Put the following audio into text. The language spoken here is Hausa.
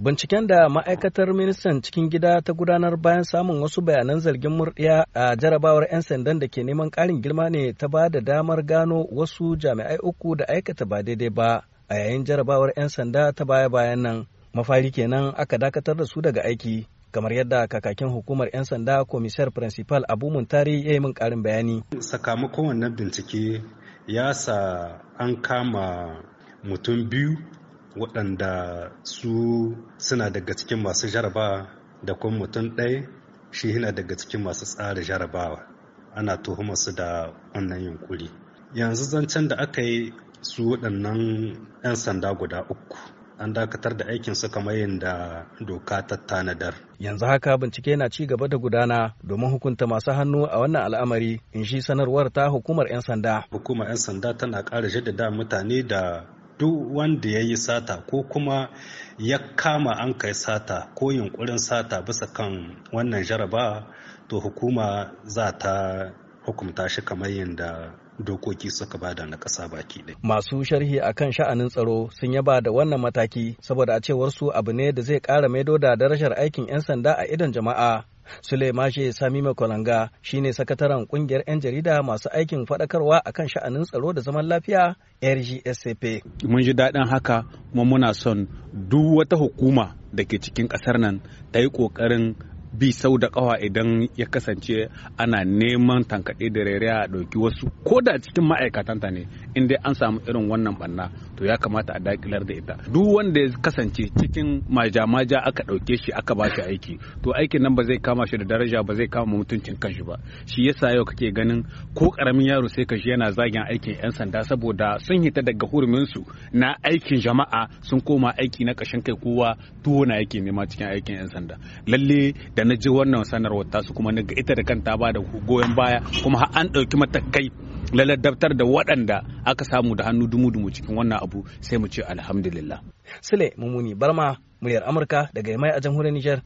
Binciken da ma'aikatar ministan cikin gida ta gudanar bayan samun wasu bayanan zargin murɗiya a jarabawar 'yan sandan da ke neman ƙarin girma ne ta ba da damar gano wasu jami'ai uku da aikata ba daidai ba a yayin jarabawar 'yan sanda ta baya-bayan nan. Mafari kenan aka dakatar da su daga aiki, kamar yadda kakakin hukumar 'yan sanda komisar principal Abu Muntari ya yi min ƙarin bayani. Sakamakon wannan bincike ya sa an kama mutum biyu waɗanda su suna daga cikin masu jaraba da kuma mutum ɗaya shi yana daga cikin masu tsara jarabawa ana tuhumar su da wannan yunkuri yanzu zancen da aka yi su waɗannan 'yan sanda guda uku an dakatar da aikin aikinsu kamar yadda doka ta tanadar. Yanzu haka bincike na ci gaba da gudana domin hukunta masu hannu a wannan al'amari in shi sanarwar ta hukumar 'yan sanda. Hukumar 'yan sanda tana ƙara jaddada mutane da duk wanda ya yi sata ko kuma ya kama an kai sata ko yunkurin sata bisa kan wannan jaraba to hukuma za ta hukumta shi kamar yadda dokoki suka bada na ƙasa baki ɗaya. Masu sharhi a kan sha'anin tsaro sun yaba da wannan mataki saboda a cewar su abu ne da zai ƙara maido da darajar aikin 'yan sanda a idon jama'a Suleimashe Kwalanga shi shine sakataren kungiyar 'yan jarida masu aikin faɗakarwa akan sha'anin tsaro da zaman lafiya RGSCP. Mun ji daɗin haka kuma muna son duk wata hukuma da ke cikin ƙasar nan ta yi ƙoƙarin bi sau da kawa idan ya kasance ana neman tankaɗe da rere a ɗauki wasu ko da cikin ma'aikatanta ne in dai an samu irin wannan banna to ya kamata a dakilar da ita duk wanda ya kasance cikin majamaja aka ɗauke shi aka ba shi aiki to aikin nan ba zai kama shi da daraja ba zai kama mutuncin kanshi ba shi yasa yau kake ganin ko karamin yaro sai ka shi yana zagin aikin 'yan sanda saboda sun hita daga su na aikin jama'a sun koma aiki na kashin kai kowa tuwo na yake nema cikin aikin 'yan sanda lalle da na ji wannan sanarwar tasu kuma na ga ita da kanta ba da goyon baya kuma har an ɗauki matakai laladabtar da waɗanda aka samu da hannu dumu-dumu cikin wannan abu sai mu ce alhamdulillah. Sule Mumuni Barma, muryar Amurka daga Yamai a jamhuriyar Nijar.